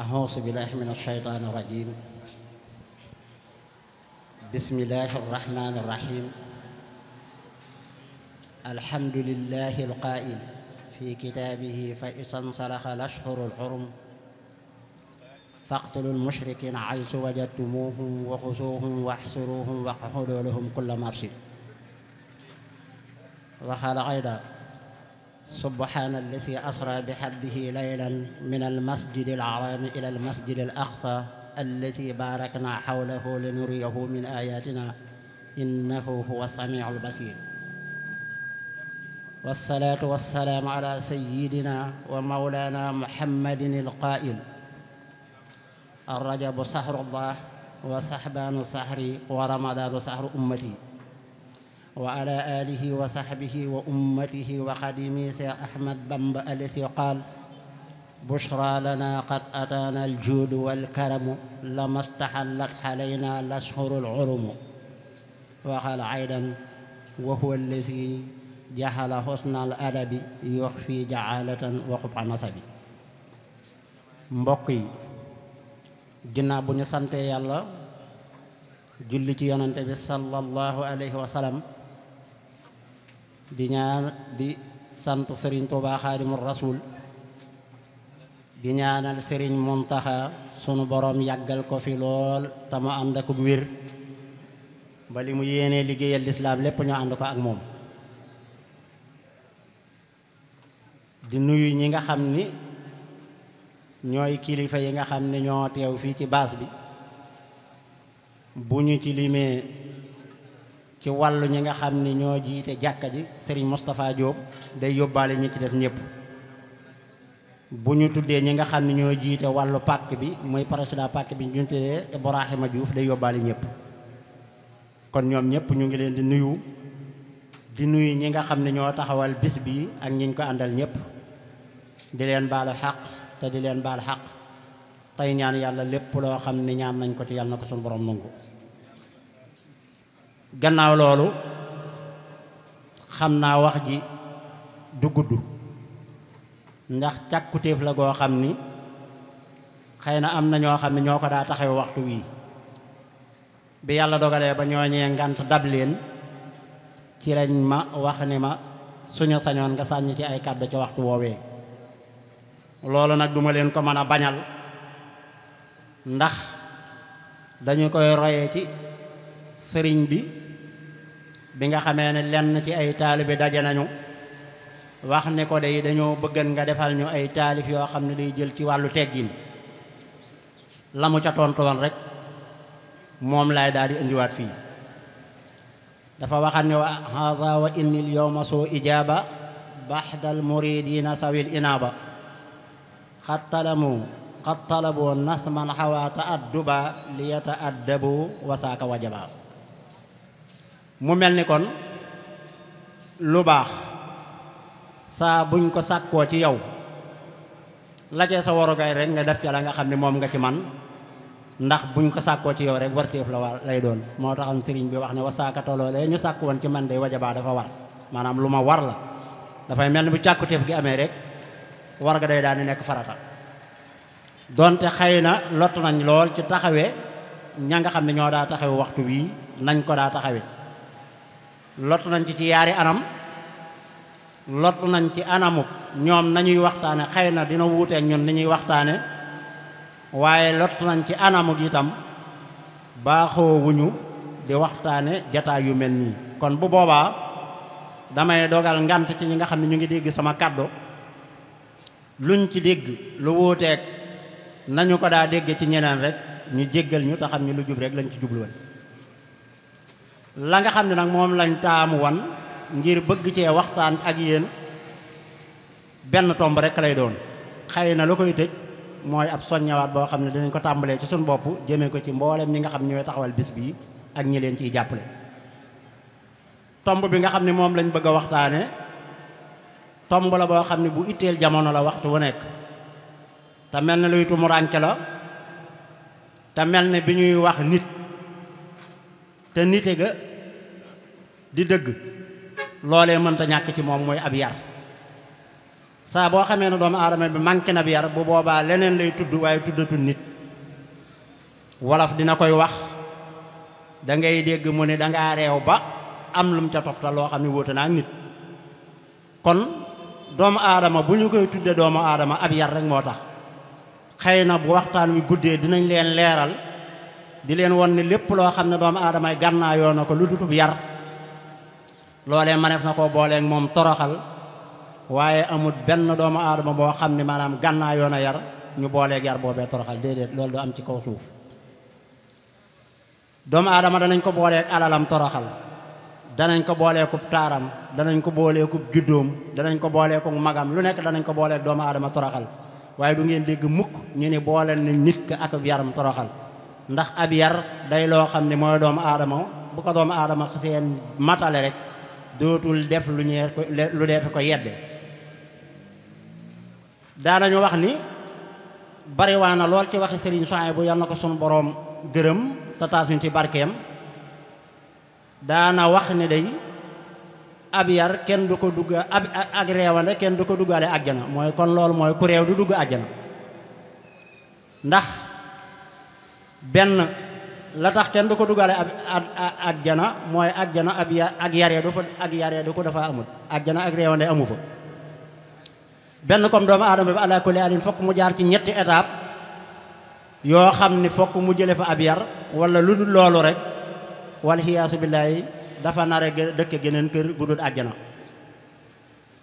أعوذ بالله من الشيطان الرجيم بسم الله الرحمن الرحيم الحمد لله القائل في كتابه فإذا انسلخ الأشهر الحرم فاقتلوا المشركين حيث وجدتموهم وخذوهم واحصروهم واقعدوا لهم كل مرصد وقال أيضا سبحان الذي أسرى بحبه ليلا من المسجد الحرام إلى المسجد الأقصى الذي باركنا حوله لنريه من آياتنا إنه هو السميع البصير والصلاة والسلام على سيدنا ومولانا محمد القائل الرجب سحر الله وصحبان سحري ورمضان سحر أمتي wa ala alihi wa sahbihi wa ummatihi wa xadimi Seex Ahmad Bamba alesi qaal bushra lana qad ataana aljuudu walkaramu lama staxallat xalayna lashhuru alxurumu waxal aydan wa huwa allazi jaxala xusna al adabi yuxfi jacaalatan wa qubxa nasabi mbokk yi ginnaaw bu ñu sante yàlla julli ci yonante bi sallallahu alayhi wa sallam di ñaan di sant sëriñ Tuubaa Xaadimu Rasuul di ñaanal sëriñ Muntaxa sunu boroom yàggal ko fi lool te mu ànd ak wér ba li mu yéenee liggéeyal lislaam lépp ñu ànd ko ak moom di nuyu ñi nga xam ni ñooy kilifa yi nga xam ni ñoo teew fii ci baas bi bu ñu ci limee ci wàllu ñi nga xam ni ñoo jiite jàkka ji sëriñ Moustapha Diop day yóbbaale ñi ci des ñëpp bu ñu tuddee ñi nga xam ne ñoo jiite wàllu pàkk bi muy président pàkk bi ñu tuddee Ibrahima Diouf day yóbbaale ñëpp kon ñoom ñëpp ñu ngi leen di nuyu di nuyu ñi nga xam ne ñoo taxawal bis bi ak ñi ñu ko àndal ñëpp di leen baalu xaq te di leen baal xaq tey ñaan yàlla lépp loo xam ne ñaam nañ ko ci yàlla na ko suñu borom nangu gannaaw loolu xam naa wax ji du gudd ndax càkkutéef la goo xam ni xëy na am na ñoo xam ne ñoo ko daa taxaw waxtu wii bi yàlla dogalee ba ñooñee ngant dab leen ci lañ ma wax ni ma suñu sañoon nga sàññ ci ay kàddu ci waxtu woowee loolu nag duma leen ko mën a bañal ndax dañu koy royee ci sëriñ bi bi nga xamee ne lenn ci ay taalibe daje nañu wax ne ko day dañoo bëggan nga defal ñu ay taalif yoo xam ne day jël ci wàllu teggin la mu ca tontu rek moom laay daal di indiwaat fii dafa waxaat ne wa haza wa innil yowma soo ijaaba baxdal muridina sawil inaaba xat talamu xat talaboo nasman xawaata adduba liyata addabu wasaaka wajaba mu mel ni kon lu baax saa buñ ko sàkkoo ci yow la cee sa warugaay rek nga def ca la nga xam ne moom nga ci man ndax buñ ko sàkkoo ci yow rek warteef la war lay doon moo taxam sëriñ bi wax ne wasaaka toloolee ñu sàkk woon ci man day wajabaa dafa war maanaam lu ma war la dafay mel ni bu càkkuteef gi amee rek war ga day daal di nekk farata donte xëy na lott nañ lool ci taxawee ña nga xam ne ñoo daa taxawe waxtu bii nañ ko daa taxawe lott nañ ci ci yaari anam lott nañ ci anamub ñoom nañuy waxtaane xëy na dina wuuteek ñun ni ñuy waxtaane waaye lott nañ ci anamub itam baaxoo wuñu di waxtaane jataay yu mel nii kon bu boobaa damay dogal ngant ci ñi nga xam ne ñu ngi dégg sama kàddu luñ ci dégg lu wuuteek nañu ko daa dégg ci ñeneen rek ñu jéggal ñu te xam ñu lu jub rek lañ ci jubluwal la nga xam ne nag moom lañ taamu wan ngir bëgg cee waxtaan ak yéen benn tomb rek lay doon xëy na lu koy tëj mooy ab soññawaat boo xam ne dinañ ko tàmbalee ci suñ bopp jëme ko ci mboolem ñi nga xam ñooy taxawal bis bii ak ñi leen ciy jàppale tomb bi nga xam ni moom lañ bëgg a waxtaane tomb la boo xam ne bu itteel jamono la waxtu wu nekk te mel ne luy tumuraanke la te mel ne bi ñuy wax nit te nite ga di dëgg loolee mënta ñàkk ci moom mooy ab yar saa boo xamee ne doomu aadama bi manqué na ab yar bu boobaa leneen lay tudd waaye tuddatu nit wolof dina koy wax dangay dégg mu ne danga reew ba am lum ca toftal loo xam ne wóote naa nit kon doomu aadama bu ñu koy tudde doomu aadama ab yar rek moo tax xëy na bu waxtaan wi guddee dinañ leen leeral di leen won ni lépp loo xam ne doomu aadamay gànnaa yoo na ko lu dutub yar loolee maneef na ko booleeg moom toroxal waaye amut benn doomu aadama boo xam ne maanaam gànnaa yoo na yar ñu booleeg yar boobee toroxal loolu du am ci kaw suuf doomu aadama danañ ko booleeg alalam toroxal danañ ko booleekub taaram danañ ko booleekub juddoom danañ ko booleekub magam lu nekk danañ ko booleeg doomu aadama toroxal waaye du ngeen dégg mukk ñu ni booleel na nit ka ak yaram toroxal ndax ab yar day loo xam ne mooy doomu aadama bu ko doomu aadama xaseen matale rek dootul def lu ñee lu def ko yedde daanañu wax ni bariwaa na lool ci waxi Serigne Souhaïbou bu yal na ko sunu boroom gërëm te ci barkeem daana wax ni day ab yar kenn du ko dugg ab ak reewande kenn du ko duggaale àjjana mooy kon loolu mooy ku réew du dugg àjjana ndax benn la tax ten du ko dugale ak ajjana mooy ajjana ab ak yaree du fa ak yaree du ko dafa amut ajjana ak réewande amu fa benn comme doomu aadama bi ala kulli alin fokk mu jaar ci ñetti étape yoo xam ni fokk mu jële fa ab yar wala lu dul loolu rek wal xiyaasu billaahi dafa nare dëkk geneen kër gu dul ajjana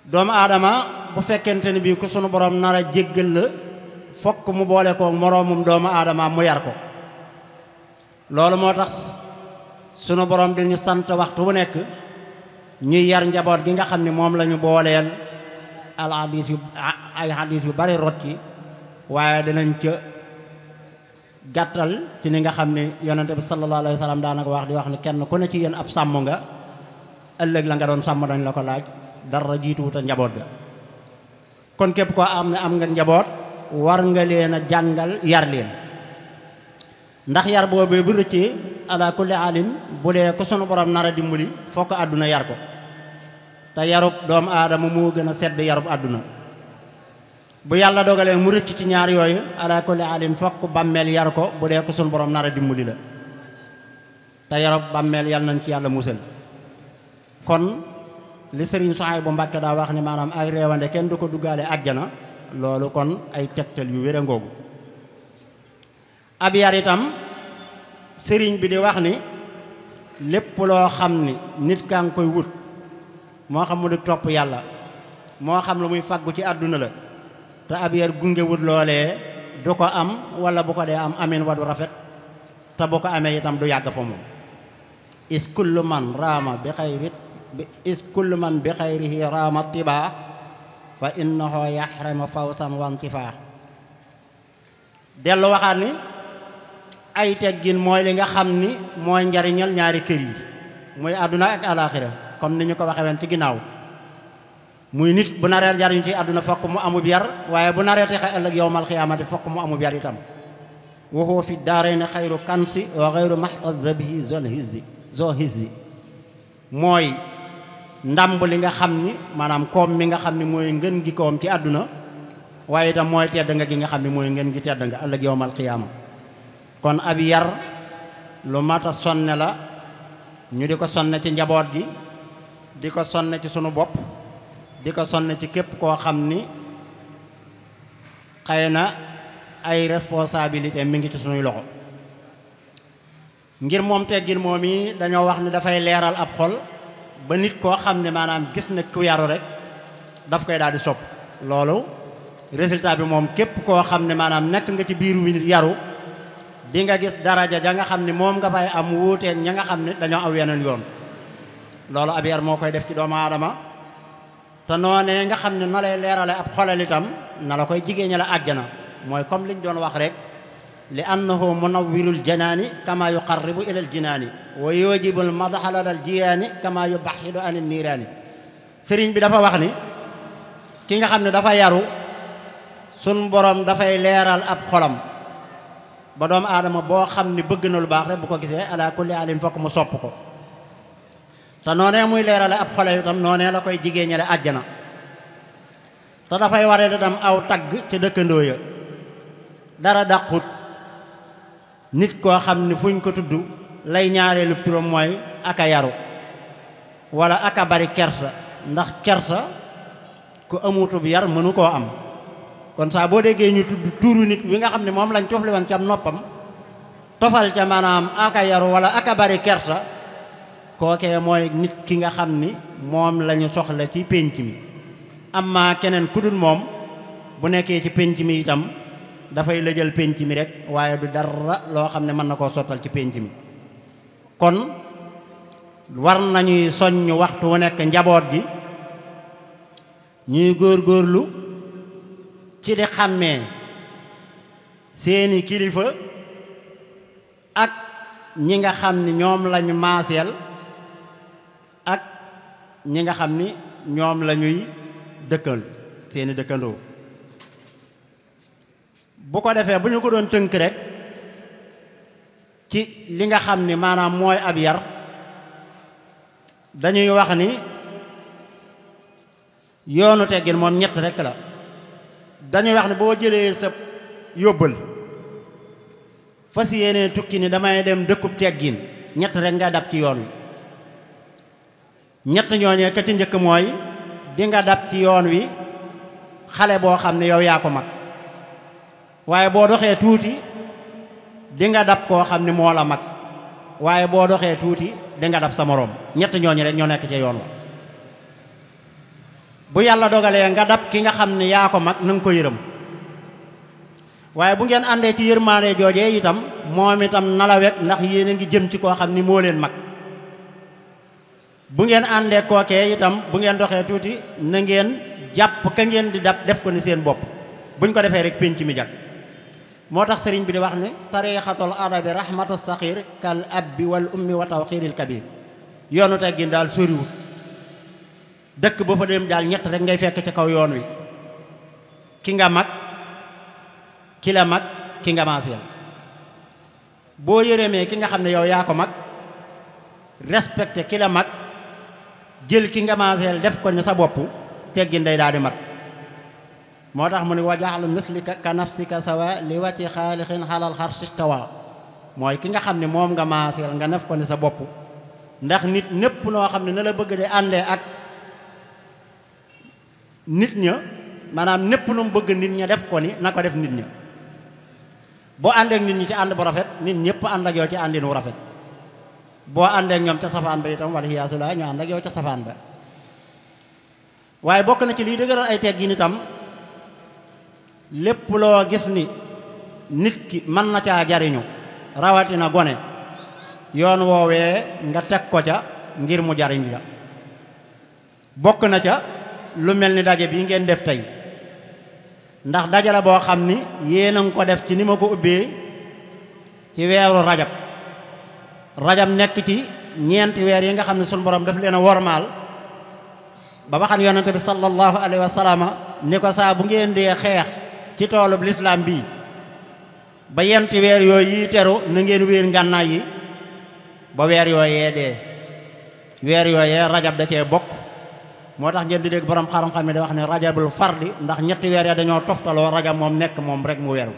doomu aadama bu fekkente ni bii ko sunu borom nar jéggal la fokk mu boole koo moroomum doomu aadama mu yar ko loolu moo tax sunu borom di ñu sant waxtu bu nekk ñuy yar njaboot gi nga xam ne moom lañu ñu booleel al yu ay hadis yu bari rot ci waaye dinañ ca gàttal ci ni nga xam ne yonente bi sallallahu alayhi wa sallam daanaka wax di wax ne kenn ku ne ci yéen ab sàmm nga ëllëg la nga doon sàmm dañ la ko laaj dara jiituwuta njaboot ga kon képp koo am ne am nga njaboot war nga leen a jàngal yar leen ndax yar boobee bu rëccee ala kulli bu dee ko sunu borom nar a dimbali fokk àdduna yar ko te yarub doomu aadama moo gën a sedd yarub àdduna bu yàlla dogalee mu rëcc ci ñaar yooyu ala kulli alim fokk bàmmeel yar ko bu dee ko sunu borom nar a dimbali la te yarub bàmmeel yal nañ ci yàlla musal kon li sëriñ soxaay bu Mbàkke daa wax ne maanaam ay reewande kenn du ko duggaale àjjana loolu kon ay tegtal yu wér ngoogu ab yar itam sëriñ bi di wax ni lépp loo xam ni nit kaa ngi koy wut moo xam mu di topp yàlla moo xam lu muy faggu ci àdduna la te ab yar gunge wut loolee du ko am wala bu ko dee am amin wadu rafet te bu ko amee itam du yàgg fa moom is kullu man raama bi xayri is kullu man bi xayrihi raama tibaa fa innahu yaxrama fawsan wa intifaa dellu waxaat ni ay teggin mooy li nga xam ni mooy njariñal ñaari kër yi muy àdduna ak alaaxira comme ni ñu ko waxee ci ginnaaw muy nit bu naree jariñu ci àdduna fokk mu amub yar waaye bu naree texe ëllëg yowmal xiyaamati fokk mu amub itam wa huwa fi daarayni xayru kansi wa xayru mahtazabihi zol hizzi zo hizzi mooy ndàmb li nga xam ni maanaam koom mi nga xam ni mooy ngën gi koom ci àdduna waaye itam mooy tedd nga gi nga xam ni mooy ngën gi tedd nga ëllëg yowmal xiyaama kon ab yar lu mat a sonne la ñu di ko sonne ci njaboot gi di ko sonne ci sunu bopp di ko sonne ci képp koo xam ni xëy na ay responsabilité mi ngi ci sunuy loxo ngir moom teggin moom yi dañoo wax ni dafay leeral ab xol ba nit koo xam ne maanaam gis na ku yaru rek daf koy daal di sopp loolu résultat bi moom képp koo xam ne maanaam nekk nga ci biiru wi yaru di nga gis daraja ja nga xam ni moom nga fay am wuuteen ña nga xam ne dañoo aw yeneen yoon loolu ab yar moo koy def ci doomu aadama te noonee nga xam ne na lay leerale ab xolal itam na la koy jigéen ña la àggana mooy comme liñ doon wax rek li annahu munawwirul janaani kama yuqarribu ilal jinaani wa yujibul madaxalalal jiyaani kama yubaxidu anil niiraani sëriñ bi dafa wax ni ki nga xam ne dafa yaru sun borom dafay leeral ab xolam ba doomu aadama boo xam ni bëgg na lu baax rek bu ko gisee ala kulli alin fokk mu sopp ko te noonee muy leerale ab xole tam noonee la koy jigéen ñale àjjana te dafay waree itam aw tagg ca dëkkandoo ya dara dàqut nit koo xam ni fuñ ko tudd lay ñaareelu turam mooy aka yaru wala aka bari kersa ndax kersa ku amutub yar mënu koo am kon saa boo déggee ñu tudd tuuru nit wi nga xam ne moom lañ coofli woon cam noppam tofal ca maanaam aka yaru wala aka bari kersa kookee mooy nit ki nga xam ni moom lañu soxla ci pénc mi amma keneen ku moom bu nekkee ci pénc mi itam dafay lëjal pénc mi rek waaye du dara loo xam ne mën na koo sottal ci pénc mi kon war nañuy soññ waxtu wu nekk njaboot gi ñuy góorgóorlu ci di xàmmee seeni kilifa ak ñi nga xam ni ñoom lañu maaseel ak ñi nga xam ni ñoom lañuy ñuy dëkkal seeni dëkkandoo bu ko defee bu ñu ko doon tënk rek ci li nga xam ni maanaam mooy ab yar dañuy wax ni yoonu teggin moom ñett rekk la dañuy wax ne boo jëlee sa yóbbal fas yéene tukki ni damay dem dëkkub teggin ñett rek nga dab ci yoon wi ñett ñooñee ka ci njëkk mooy dinga dab ci yoon wi xale boo xam ne yow yaa ko mag waaye boo doxee tuuti di nga dab koo xam ne moo la mag waaye boo doxee tuuti di nga dab sa moroom ñett ñooñu rek ñoo nekk ci yoon wa bu yàlla dogalee nga dab ki nga xam ne yaa ko mag na nga ko yërëm waaye bu ngeen àndee ci yërmaande joojee itam moom itam nalawet ndax yéen a ngi jëm ci koo xam ni moo leen mag bu ngeen àndee kookee itam bu ngeen doxee tuuti na ngeen jàpp ka ngeen di dab def ko ni seen bopp buñ ko defee rek pénc mi jag moo tax sëriñ bi di wax ne tarixatul adabi rahmatu saxir kal abbi wal ummi wa tawxiril kabir yoonu teggin daal soriwut dëkk boo fa dem daal ñett rek ngay fekk ci kaw yoon wi ki nga mag ki la mag ki nga maaseel boo yërëmee ki nga xam ne yow yaa ko mag respecté ki la mag jël ki nga maaseel def ko ni sa bopp teggin ndey daal di mat moo tax mu ne wajaxlu mislika ka nafsika sawa li wati xaalixin xalal xar sistawa mooy ki nga xam ne moom nga maaseel nga def ko ni sa bopp ndax nit ñépp noo xam ne na la bëgg de àndee ak nit ña maanaam népp lu mu bëgg nit ña def ko ni na ko def nit ña boo àndeek nit ñi ci ànd bu rafet nit ñëpp ànd ak yow ci àndin wu rafet boo àndeek ñoom ca safaan ba itam wala xiyaasula ñu ànd ak yow ca safaan ba waaye bokk na ci liy dëgëral ay teggin itam lépp loo gis ni nit ki mën na caa jariñu rawatina gone yoon woowee nga teg ko ca ngir mu jariñ la bokk na ca lu mel ni daje bii ngeen def tey ndax daje la boo xam ni yéen a ngi ko def ci ni ma ko ubbee ci weeru rajab rajab nekk ci ñeenti weer yi nga xam ne sunu borom daf leen a wormaal ba waxan yonente bi sallallahu alayhi wa salaama ni ko saa bu ngeen dee xeex ci toolub lislaam bii ba yenti weer yooyu yi teru na ngeen wéer ngànnaay yi ba weer yooyee dee weer yooyee rajab da cee bokk moo tax ngeen di dégg borom xam-xam yi da wax ni rajabul fardi ndax ñetti weer ya dañoo toftaloo raja moom nekk moom rek mu weeru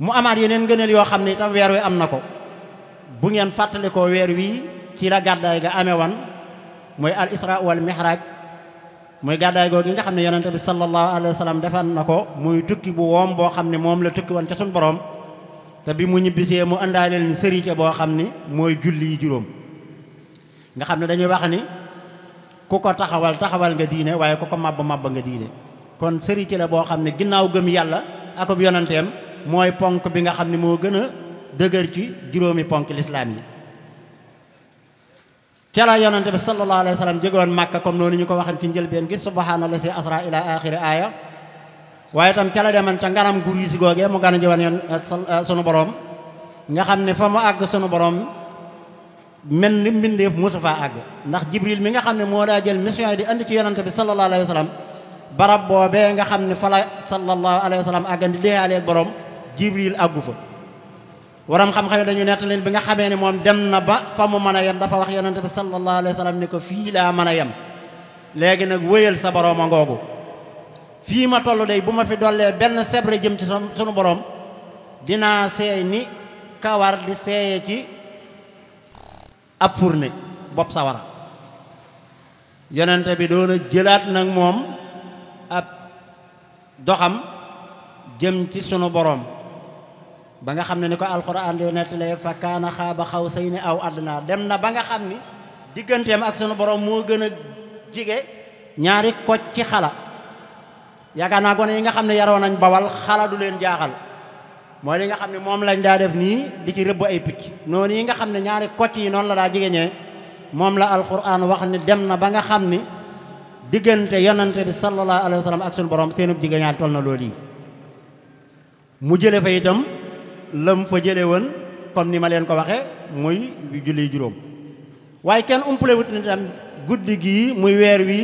mu amaat yeneen ngëneel yoo xam ne itam weer wi am na ko bu ngeen fàttalikoo weer wi ci la gàddaay ga amee wan mooy al isra wal mihraj muy gàddaay googu nga xam ne yonente bi sallallahu alayhi wa sallam defan na ko muy tukki bu woom boo xam ne moom la tukki woon ca suñu borom te bi mu ñibbisee mu indaaleel ñu boo xam ni mooy julli juróom nga xam ne dañuy wax ku ko taxawal taxawal nga diine waaye ku ko màbb màbb nga diine kon sëri ci boo xam ne ginnaaw gëm yàlla akub yonanteem mooy ponk bi nga xam ne moo gën a dëgër ci juróomi ponk lislaam yi ca la yonante bi sallallahu alayhi wa sallam jógoon comme noonu ñu ko waxan ci njëlbeen gi subhaanala si asra ila axiri aaya waaye tam ca la deman ca ngaram gur yi si googee mu gana jëwan yoon eh, eh, sunu borom nga xam ne fa mu àgg sunu borom mel ni mbindeef musu faa àgg ndax jibril mi nga xam ne moo daa jël mission di andi ci yonante bi sallallahu alayhi wa sallam barab boobee nga xam ne fa la sallallahu alayhi wa sallam àggandi déeyaalee borom jibril àggu fa waram xam-xam dañu nett leen bi nga xamee ne moom dem na ba fa mu mën a yem dafa wax yonante bi sallallahu alayhi wa sallam ne ko fii laa mën a yem léegi nag wéyal sa boroom a ngoogu fii ma toll day bu ma fi dollee benn sebre jëm ci sunu borom dinaa seey ni kawar di seeye ci ab furne bopp sawara yonente bi doon jëlaat nag moom ab doxam jëm ci sunu boroom ba nga xam ne ni ko alxuraan di nettalee fa kaana xaaba xaw say ni aw àddunaa dem na ba nga xam ni digganteem ak sunu boroom moo gën a jige ñaari koj ci xala yaakaar naa gone yi nga xam ne yaroo nañ bawal xala du leen jaaxal mooy li nga xam ne moom lañ daa def nii di ci rëbb ay picc noonu yi nga xam ne ñaari kocc yi noonu la daa jigéñee moom la alquran wax ni dem na ba nga xam ni diggante yonante bi sallallahu alayhi wa sallam ak suñu borom seenub jigéñaat toll na loolu yi mu jële fa itam lëm fa jële woon comme ni ma leen ko waxee muy julli juróom waaye kenn umpalewut ni tam guddi gii muy weer wi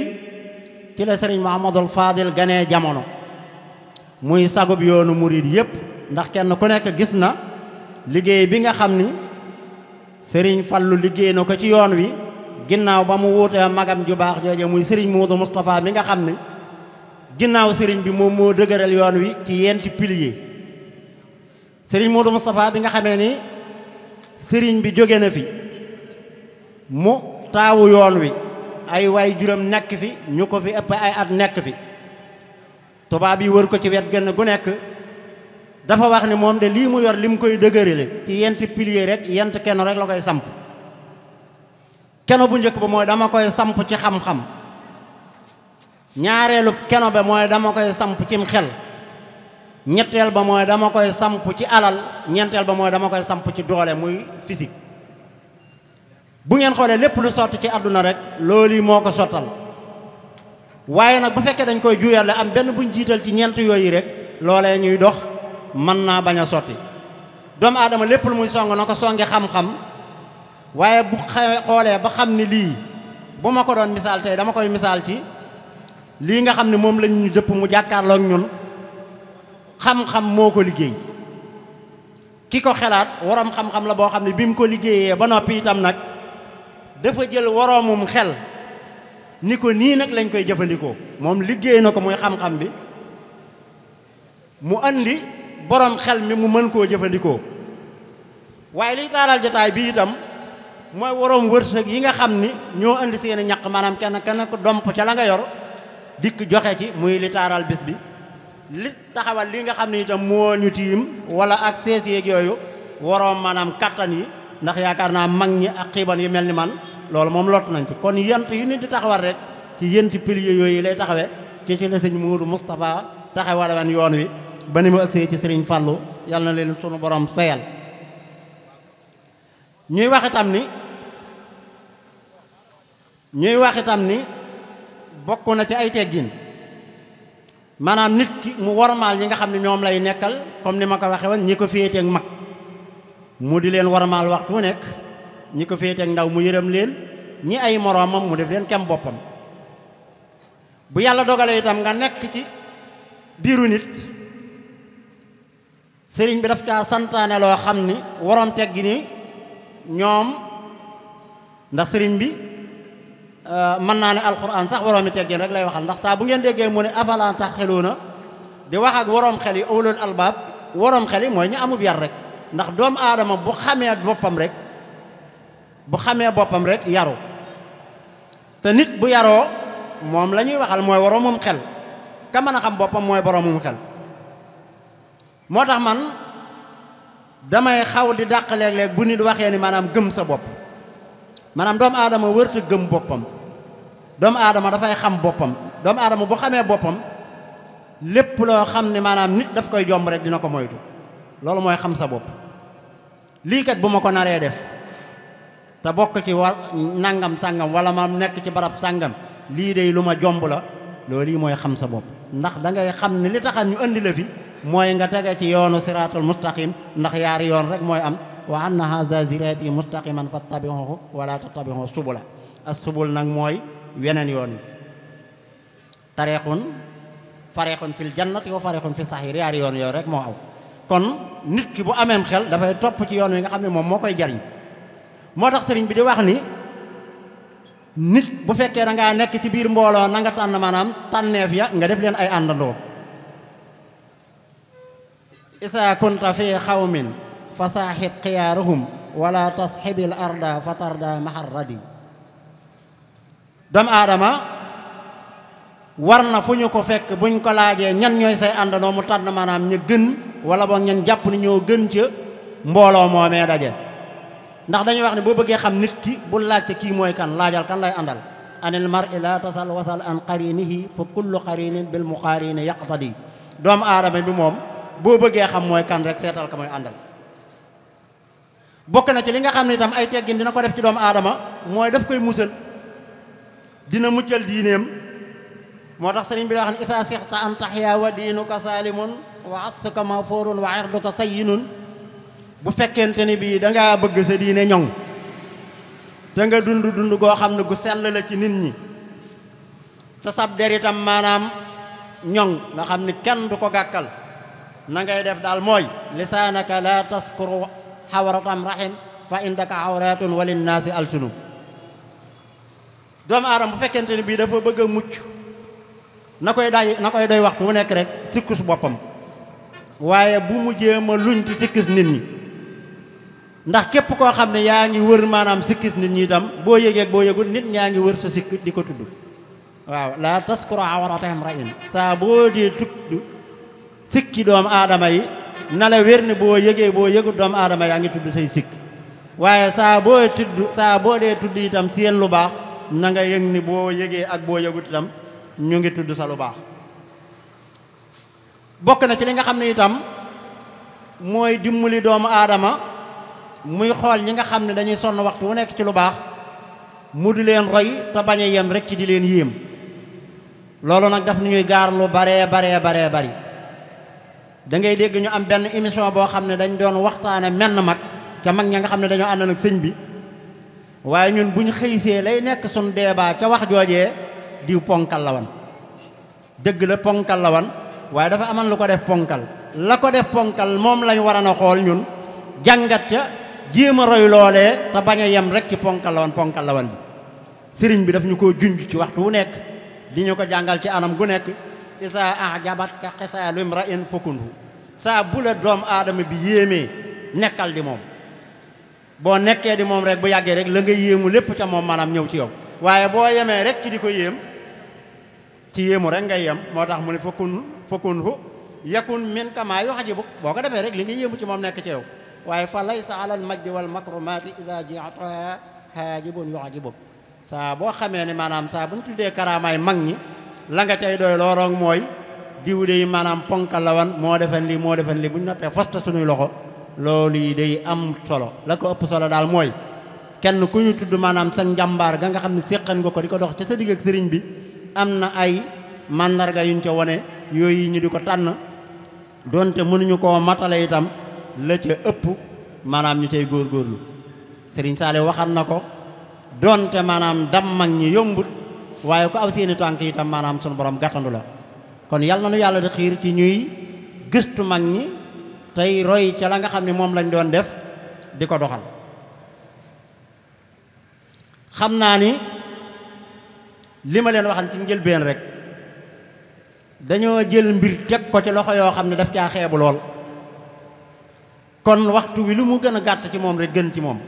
ci la sëriñ Muhammadul Faadil ganee jamono muy sagub yoonu murid yépp ndax kenn ku nekk gis na liggéey bi nga xam ni sëriñ Fallu liggéey na ko ci yoon wi ginnaaw ba mu wuute magam ju baax jooje muy sëriñ Moodu Moustapha bi nga xam ni ginnaaw sëriñ bi moom moo dëgëral yoon wi ci yenti pilier sëriñ Moodu Moustapha bi nga xamee ni sëriñ bi jóge na fi mu taawu yoon wi ay waay juróom nekk fi ñu ko fi ëpp ay at nekk fi tubaab yi wër ko ci wet gën gu nekk dafa wax ni moom de lii mu yor li mu koy dëgërale ci yent pilier rek yent keno rek la koy samp keno bu njëkk ba mooy dama koy samp ci xam ñaareelu keno ba mooy dama koy samp cim xel ñetteel ba mooy dama koy samp ci alal ñeenteel ba mooy dama koy samp ci doole muy physique bu ngeen xoolee lépp lu sotti ci àdduna rek loolu yi moo ko sottal waaye nag bu fekkee dañ koy juyale am benn buñ jiital ci ñeent yooyu rek loolee ñuy dox mën naa bañ a sotti doomu aadama lépp lu muy song na ko songe xam-xam waaye bu xoolee ba xam ni lii bu ma ko doon misaal tey dama koy misaal ci lii nga xam ne moom lañu ñu dëpp mu jàkkaarlook ñun xam-xam moo ko liggéey ki ko xelaat waroom xam-xam la boo xam ne bi mu ko liggéeyee ba noppi itam nag dafa jël woroomum xel ni ko nii nag lañ koy jëfandikoo moom liggéey na ko muy xam-xam bi mu andi borom xel mi mu mën koo jëfandikoo waaye liy taaral jotaay bii itam mooy waroom wërsëg yi nga xam ni ñoo indi seen ñaq maanaam kenn kenn ku domp ca la nga yor dikk joxe ci muy li taaral bis bi li taxawal lii nga xam ne itam moo ñu tiim wala ak sees yeeg yooyu waroom maanaam kattan yi ndax yaakaar naa mag ñi ak xiiban yu mel ni man loolu moom lot nañ ci kon yent yu nit di taxawal rek ci yenti pilier yooyu lay taxawe ci ci la sëñ Muudu Moustapha taxawal yoon wi ba ni mu agsee ci sëriñ fàllu yàlla na leen sunu borom fayal ñuy wax itam ni ñuy wax itam ni bokk na ci ay teggin maanaam nit ki mu warmaal ñi nga xam ne ñoom lay nekkal comme ni ma ko waxee woon ñi ko féete mag mu di leen warmaal waxtu nekk ñi ko féete ak ndaw mu yërëm leen ñi ay moroomam mu def leen kem boppam bu yàlla dogalee itam nga nekk ci biiru nit sëriñ bi daf caa santaane loo xam ni waroom teggi ni ñoom ndax sëriñ bi euh, mën naa ne alxuraan sax waroomi teggin rek lay waxal ndax saa bu ngeen déggee mu ne afalan na di wax ak waroom xel yi awlul albaab waroom xel yi mooy ñu amub yar rek ndax doomu aadama bu xamee boppam rek bu xamee boppam rek yaru te nit bu yaroo moom la ñuy waxal mooy waroomum xel ka mën a xam boppam mooy boroomum xel moo tax man damay xaw di dàq léeg-léeg bu nit waxee ni maanaam gëm sa bopp maanaam doomu aadama wërta gëm boppam doomu aadama dafay xam boppam doomu aadama bu xamee boppam lépp loo xam ne maanaam nit daf koy jomb rek dina ko moytu loolu mooy xam sa bopp lii kat bu ma ko naree def te bokk ci wa nangam sàngam wala ma nekk ci barab sàngam lii de lu ma jomb la loolu yi mooy xam sa bopp ndax da ngay xam ne li taxan ñu andi la fi mooy nga tege ci yoonu siraatul mustaqim ndax yaar yoon rek mooy am wa anna haza ziraati mustaqiman fattabihuhu wala tattabihu subula as subul nag mooy weneen yoon tareexun fareexun fil jannati wa fareexun fi saxiir yaari yoon yooyu rek moo aw kon nit ki bu ameem xel dafay topp ci yoon wi nga xam ne moom moo koy jariñ moo tax sëriñ bi di wax ni nit bu fekkee da ngaa nekk ci biir mbooloo nanga nga tànn maanaam tànneef ya nga def leen ay àndandoo isaa kunta fi xawmin fa saaxib xiyaaruhum wala tasxibil arda fa tarda doomu aadama war na fu ñu ko fekk buñ ko laajee ñan ñooy say àndandoo mu tànn maanaam ñu gën wala boog ñan jàpp ni ñoo gën ca mbooloo moomee daje ndax dañuy wax ne boo bëggee xam nit ki bu laajte kii mooy kan laajal kan lay àndal anil mar'i la tasal wasal an qarinihi fa kullu qarinin bil muqarini yaqtadi doomu aadama bi moom boo bëggee xam mooy kan rek seetal ka mooy àndal bokk na ci li nga xam ne itam ay teggin dina ko def ci doomu aadama mooy daf koy musal dina muccal diineem moo tax sëriñ bi wax ne isa sixta an taxya wa diinuka saalimun wa asuka mafoorun bu fekkente ni bii dangaa bëgg sa diine ñoŋ te dund dund goo xam ne gu sell ci nit ñi te sab der itam maanaam ñoŋ nga xam ni kenn du ko gàkkal na ngay def daal mooy lisaanaka la taskuru xawratam rahim fa indaka awratun walinnaasi altunu doomu aadama bu fekkente ne bii dafa bëgg a mucc na koy day na koy doy waxtu wu nekk rek sikkus boppam waaye bu mu jéem a luñ ci sikkis nit ñi ndax képp koo xam ne yaa ngi wër maanaam sikkis nit ñi itam boo yëgeeg boo yëgul nit ñaa ngi wër sa sikk di ko tudd waaw laa taskuru awratahum rahim saa boo dee tukki sikki doomu aadama yi na la wér ni boo yëgee boo yëgut doomu aadama yaa ngi tudd say sikk waaye saa boo tudd saa boo dee tudd itam seen lu baax na nga yëg ni boo yëgee ak boo yëgut itam ñu ngi tudd sa lu baax bokk na ci li nga xam ne itam mooy dimbali doomu aadama muy xool ñi nga xam ne dañuy sonn waxtu wu nekk ci lu baax mu di leen roy te bañ a yem rekk ci di leen yéem loolu nag daf ñuy gaar lu baree baree baree bari da ngay dégg ñu am benn émission boo xam ne dañu doon waxtaane menn mag ca mag ña nga xam ne dañoo àndoon ak sëñ bi waaye ñun bu ñu xëysee lay nekk suñ débat ca wax joojee diw ponkal la wan dëgg la ponkal la wan waaye dafa aman lu ko def ponkal la ko def ponkal moom lañ waroon a xool ñun jàngat ca jéem a roy loolee te bañ yem rek ci ponkal la wan ponkal la wan bi sëriñ bi daf ñu koo junj ci waxtu wu nekk di ñu ko jàngal ci anam gu nekk isaa ahjabatka xisaalu imra'in fakunhu saa bu la doom aadama bi yéemee nekkal di moom boo nekkee di moom rek bu yàggee rek la nga yéemu lépp ca moom maanaam ñëw ci yow waaye boo yemee rek ci di ko yéem ci yéemu rek ngay yem moo tax mu ne fakun fakunhu yakun min kamaa yu'jibuk boo ko defee rek li nga yéemu ci moom nekk ci yow waaye fa laysa alal majdi wal makrumaati isa jiata haajibun yu'jibuk saa boo xamee ne maanaam saa bu ñu tuddee karaamaay mag ñi la nga cay doy looroog mooy diw dey maanaam ponkal la wan moo defan li moo defan li bu ñu noppee fosta suñuy loxo loolu yi day am solo la ko ëpp solo daal mooy kenn ku ñu tudd maanaam sa njàmbaar ga nga xam ne séqan nga ko di ko dox ca sa digg ak sëriñ bi am na ay màndarga yuñ ca wone yooyu ñu di ko tànn donte mënuñu koo matale itam la ca ëpp maanaam ñu cay góorlu sëriñ Saaliw waxan na ko doonte maanaam dam mag ñi yombut waaye ku aw seeni tànk yi itam maanaam sunu borom gàttandu la kon yal na nu yàlla di xiir ci ñuy gëstu mag ñi tey roy ca la nga xam ne moom lañ doon def di ko doxal xam naa ni li ma leen waxan ci njëlbeen rek dañoo jël mbir teg ko ci loxo yoo xam ne daf caa xeebu lool kon waxtu wi lu mu gën a gàtt ci moom rek gën ci moom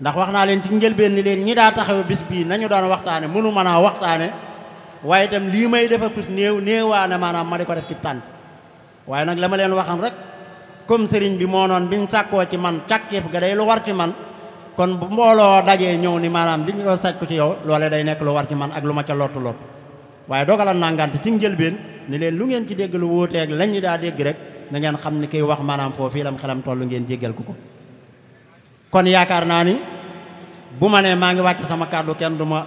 ndax wax naa leen ci njëlbeen ni leen ñi daa taxaw bis bii nañu daan waxtaane mënu ma naa waxtaane waaye tam lii may def akus néew néewaane maanaam ma di ko def ci tànn waaye nag la ma leen waxam rek comme sëriñ bi moo noon bi biñ sàkkoo ci man càkkeef ga day lu war ci man kon bu mbooloo dajee ñëw ni maanaam li ñu ko sàkku ci yow loole day nekk lu war ci man ak lu ma ca lottu lottu waaye dogalal nangante ci njëlbeen ni leen lu ngeen ci dégg lu wuuteeg lañ ñi daa dégg rek na ngeen xam ni kiy wax maanaam foofu fii lam xelam toll ngeen jéggal ko ko bu ma nee maa ngi wàcc sama kàddu kenn du ma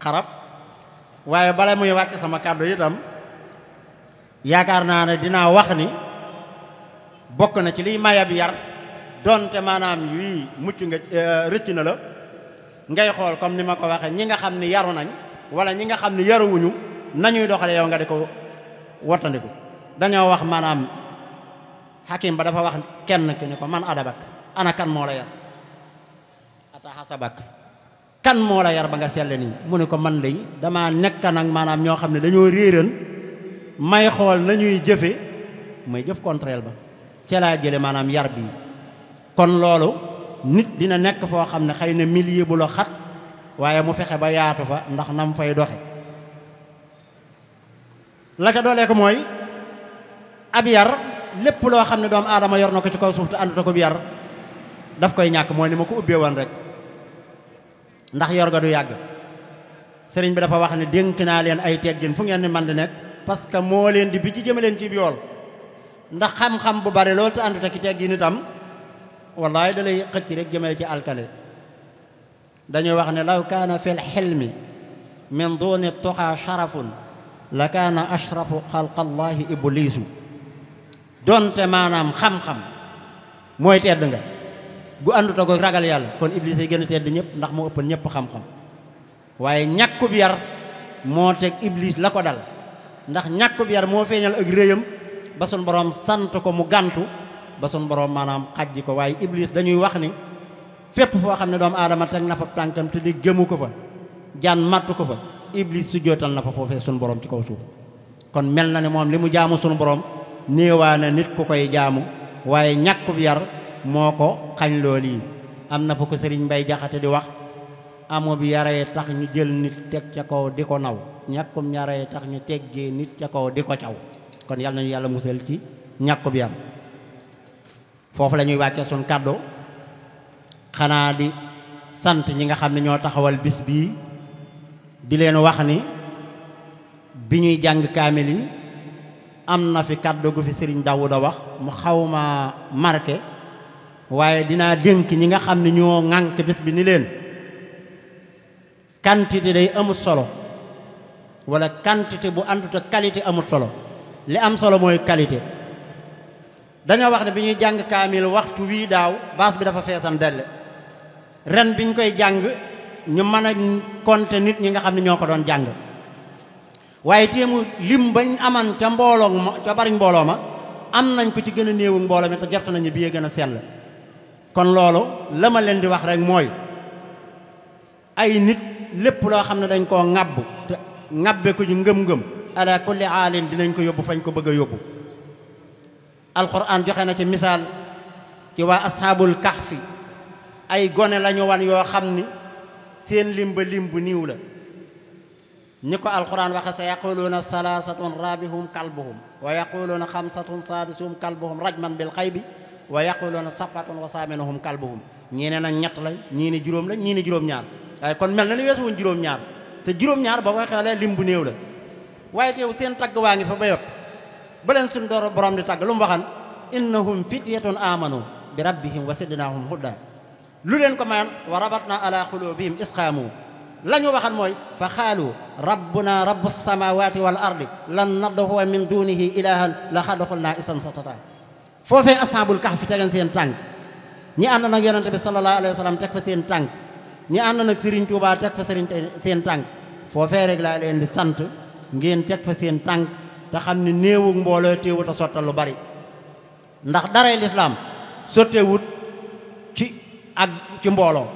xarab waaye bala muy wàcc sama kàddu itam yaakaar naa ne dinaa wax ni bokk na ci liy mayab yar donte maanaam yii mucc nga euh, rëcc na la ngay xool comme ni ma ko waxee ñi nga xam ni yaru nañ wala ñi nga xam ni yaruwuñu nañuy doxale yow nga di ko wattandiku dañoo wax maanaam xakim ba dafa wax kenn ki ñu ko man adabak ana kan moo la yar xasabak kan moo la yar ba nga sell nii mu ne ko man lay damaa nekk nag maanaam ñoo xam ne dañoo réeran may xool nañuy jëfe may jëf contraire ba ca jële maanaam yar bi kon loolu nit dina nekk foo xam ne xay na milieu bu la xat waaye mu fexe ba yaatu fa ndax nam fay doxe la ko doolee ko mooy ab yar lépp loo xam ne doomu aadama yor na ko ci kaw suuf te àndut ko bi yar daf koy ñàkk mooy ni ma ko ubbee woon rek ndax yor ga du yàgg sëriñ bi dafa wax ne dénk naa leen ay teggin fu ngeen ni man di nekk parce que moo leen di bi ci jëme leen ci yool ndax xam-xam bu bari loolu te àndut ak teggin itam wallaay da xëcc rek jëmale ci alkane dañuy wax ne law kaana fi lxilmi min duni tuqa sharafun la kaana ashrafu xalqallaahi ibliisu donte maanaam xam-xam mooy tedd nga gu àndut ak ragal yàlla kon iblis ay gën a tedd ñëpp ndax moo ëppoon ñëpp xam-xam waaye ñàkkub yar moo teg iblis la ko dal ndax ñàkkub yar moo feeñal ak réyam ba sun borom sant ko mu gàntu ba sun borom maanaam xajji ko waaye iblis dañuy wax ni fépp foo xam ne doomu aadama teg na fa tànkam te di gëmu ko fa jaan màttu ko fa iblis su jootal na fa foofee sun borom ci kaw suuf kon mel na ne moom li mu jaamu sunu borom néewaa nit ku koy jaamu waaye ñàkkub yar moo ko xañ lool yi am na fa ko sëriñ mbay jaxate di wax amo bi yaree tax ñu jël nit teg ca kaw di ko naw ñàkkum yaree tax ñu teggee nit ca kaw di ko caw kon yàlla nañu yàlla musal ci ñàkkub yar foofu lañuy ñuy wàcce suñ kàddu xanaa di sant ñi nga xam ne ñoo taxawal bis bii di leen wax ni bi ñuy jàng kaamil yi am na fi kàddu gu fi sëriñ Daawuda wax mu xaw ma marqué waaye dinaa dénk ñi nga xam ne ñoo ŋànk bis bi ni leen quantité day amul solo wala quantité bu àndut ak qualité amul solo li am solo mooy qualité dañoo wax ne bi ñuy jàng kaamil waxtu wii daaw baas bi dafa feesam dell ren bi ñu koy jàng ñu mën a konte nit ñi nga xam ne ñoo ko doon jàng waaye téemu lim bañ aman ca mbooloo ma ca bari mbooloo ma am nañ ko ci gën a néewu mbooloo mi te jot nañu bi gën a sell kon loolu la ma leen di wax rek mooy ay nit lépp loo xam ne dañ koo ŋàbb te ŋàbbe ko ñu ngëm-ngëm ala kulli aalin dinañ ko yóbbu fañ ko bëgg a yóbbu alquran joxe na ci misaal ci waa asxaabul kahfi ay gone lañu wan yoo xam ni seen limba limbu niiw la ñi ko alquran waxe sa yaquluuna salaasatun raabihum kalbuhum wa yaquluuna xamsatun saadisuhum kalbuhum rajman bil bi wa yaquluuna sabatun wa saaminuhum kalbuhum ñii ne nag ñett lañ ñii ne juróom lañ ñii ne juróom-ñaar waaye kon mel na ni weesu wuñ juróom-ñaar te juróom-ñaar boo koy xeelee lim bu néew la waaye teew seen tagg waa ngi fa bayot ba leen suñ door borom di tagg lu mu waxan innahum fityatun amanu bi rabbihim wa sidnaahum hudda lu leen ko mayan wa rabatna ala qulubihim isqaamu la ñu waxan mooy fa xaalu rabbuna rabbu samawati wal ardi lan nadduwa min dunihi ilahan la xadxul naa isan satata foofee ashaabul kahfi tegan seen tànk ñi ànd nag yonente bi sallallahu alayhi wa sallam teg fa seen tànk ñi ànd nag Serigne Touba teg fa Serigne seen tànk foofee rek laa leen di sant ngeen teg fa seen tànk te xam ne néewug mbooloo téewut a sottal lu bari ndax daray lislaam sottewut ci ak ci mbooloo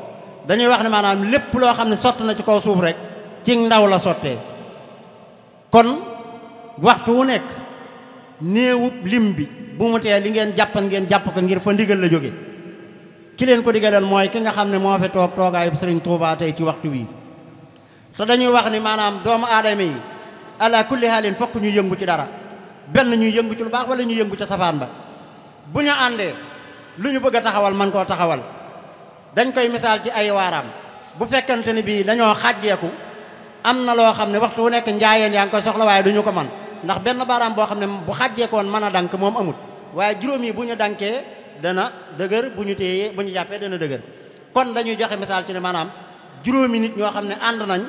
dañuy wax ne maanaam lépp loo xam ne sott na ci kaw suuf rek ci ndaw la sottee kon waxtu wu nekk néewub lim bi bu mu tee li ngeen jàppal ngeen jàpp ko ngir fa ndigal la jóge ki leen ko digaloon mooy ki nga xam ne moo fi toog toogaayu sëriñ Touba tey ci waxtu wi te dañuy wax ni maanaam doomu aadama yi ala kulli haalin fokk ñu yëngu ci dara benn ñuy yëngu ci lu baax wala ñu yëngu ca safaan ba bu ñu àndee lu ñu bëgg a taxawal man koo taxawal dañ koy misaal ci ay waaraam bu fekkente ni bii dañoo xàjjeeku am na loo xam ne waxtu wu nekk njaayeen yaa ngi koy soxla waaye du ko man ndax benn baaraam boo xam ne bu xàjjeekoon mën a dànk moom amut waaye juróom yi bu ñu dànkee dana dëgër bu ñu téyee bu ñu jàppee dana dëgër kon dañuy joxe misaal ci ne maanaam juróomi nit ñoo xam ne ànd nañ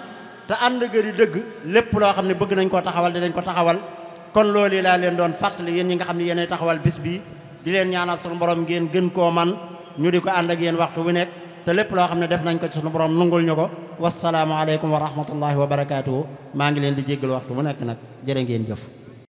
te ànd gëri dëgg lépp loo xam ne bëgg nañ koo taxawal dinañ ko taxawal kon loolu laa leen doon fàttali yéen ñi nga xam ne yéenay taxawal bis bi di leen ñaanal sunu borom ngeen gën koo man ñu di ko ànd ak yéen waxtu bu nekk te lépp loo xam ne def nañ ko ci sunu borom nungul ñu ko wasalaamu aleykum wa rahmatullahi wa barakaatuhu maa ngi leen di jéggal waxtu bu nekk nag jërë ngeen jëf